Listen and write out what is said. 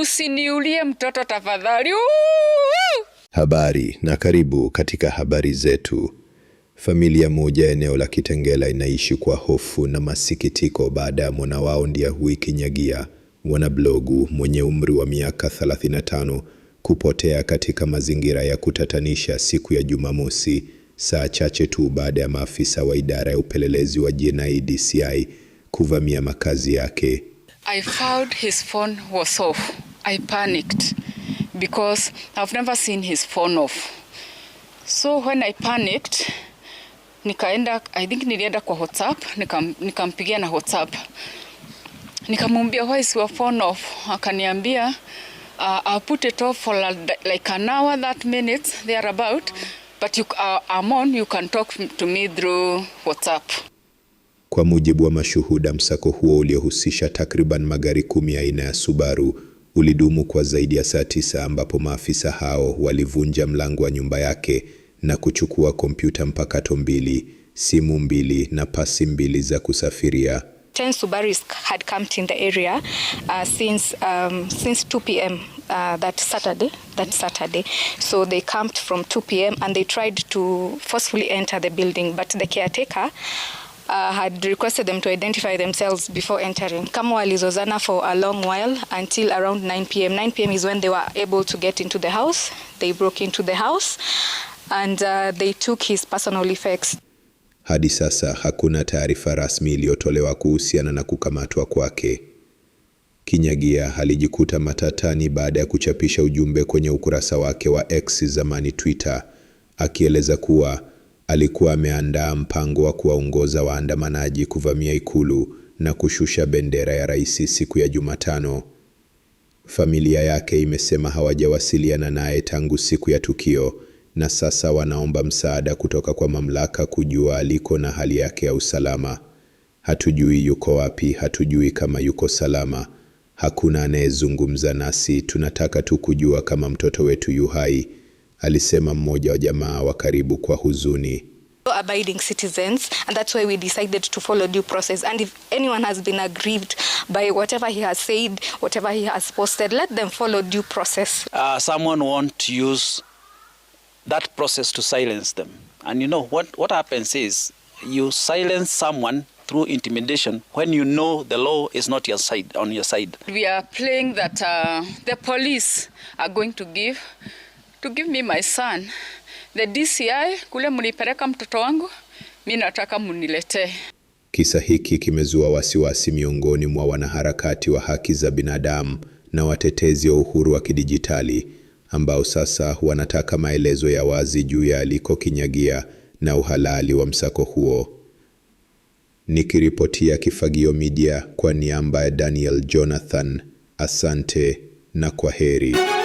msiniulie mtoto tafadhali. Habari na karibu katika habari zetu. Familia moja eneo la Kitengela inaishi kwa hofu na masikitiko baada ya mwana wao Ndiahui Kinyagia, mwanablogu mwenye umri wa miaka 35 kupotea katika mazingira ya kutatanisha siku ya Jumamosi, saa chache tu baada ya maafisa wa idara ya upelelezi wa jinai DCI kuvamia makazi yake. I found his phone was off. I panicked because I've never seen his phone off. So when I panicked, nikaenda, I think nilienda kwa WhatsApp, nikam nikampigia na WhatsApp. Nikamwambia why is your phone off? Akaniambia uh, I put it off for like an hour that minutes there about but you, uh, I'm on, you can talk to me through WhatsApp. Kwa mujibu wa mashuhuda, msako huo uliohusisha takriban magari kumi aina ya Subaru ulidumu kwa zaidi ya saa tisa ambapo maafisa hao walivunja mlango wa nyumba yake na kuchukua kompyuta mpakato mbili, simu mbili na pasi mbili za kusafiria. Subaris had camped in the area uh, since, um, since 2 p.m. Uh, that Saturday, that Saturday. So they camped from 2 p.m. and they tried to forcefully enter the building, but the caretaker uh, had requested them to identify themselves before entering. Kama walizozana for a long while until around 9 p.m. 9 p.m. is when they were able to get into the house. They broke into the house and uh, they took his personal effects. Hadi sasa hakuna taarifa rasmi iliyotolewa kuhusiana na kukamatwa kwake. Kinyagia alijikuta matatani baada ya kuchapisha ujumbe kwenye ukurasa wake wa X zamani Twitter akieleza kuwa alikuwa ameandaa mpango wa kuwaongoza waandamanaji kuvamia ikulu na kushusha bendera ya rais siku ya Jumatano. Familia yake imesema hawajawasiliana naye tangu siku ya tukio na sasa wanaomba msaada kutoka kwa mamlaka kujua aliko na hali yake ya usalama. Hatujui yuko wapi, hatujui kama yuko salama. Hakuna anayezungumza nasi, tunataka tu kujua kama mtoto wetu yu hai alisema mmoja wa jamaa wa karibu kwa huzuni. Abiding citizens and that's why we decided to follow due process and if anyone has been aggrieved by whatever he has said whatever he has posted let them follow due process uh, someone won't use that process to silence them and you know what what happens is you silence someone through intimidation when you know the law is not your side on your side we are playing that uh, the police are going to give to give me my son the DCI kule mlipeleka mtoto wangu, minataka nataka Kisa hiki kimezua wasiwasi miongoni mwa wanaharakati wa haki za binadamu na watetezi wa uhuru wa kidijitali ambao sasa wanataka maelezo ya wazi juu ya aliko kinyagia na uhalali wa msako huo. Nikiripotia Kifagio Media kwa niaba ya Daniel Jonathan, asante na kwa heri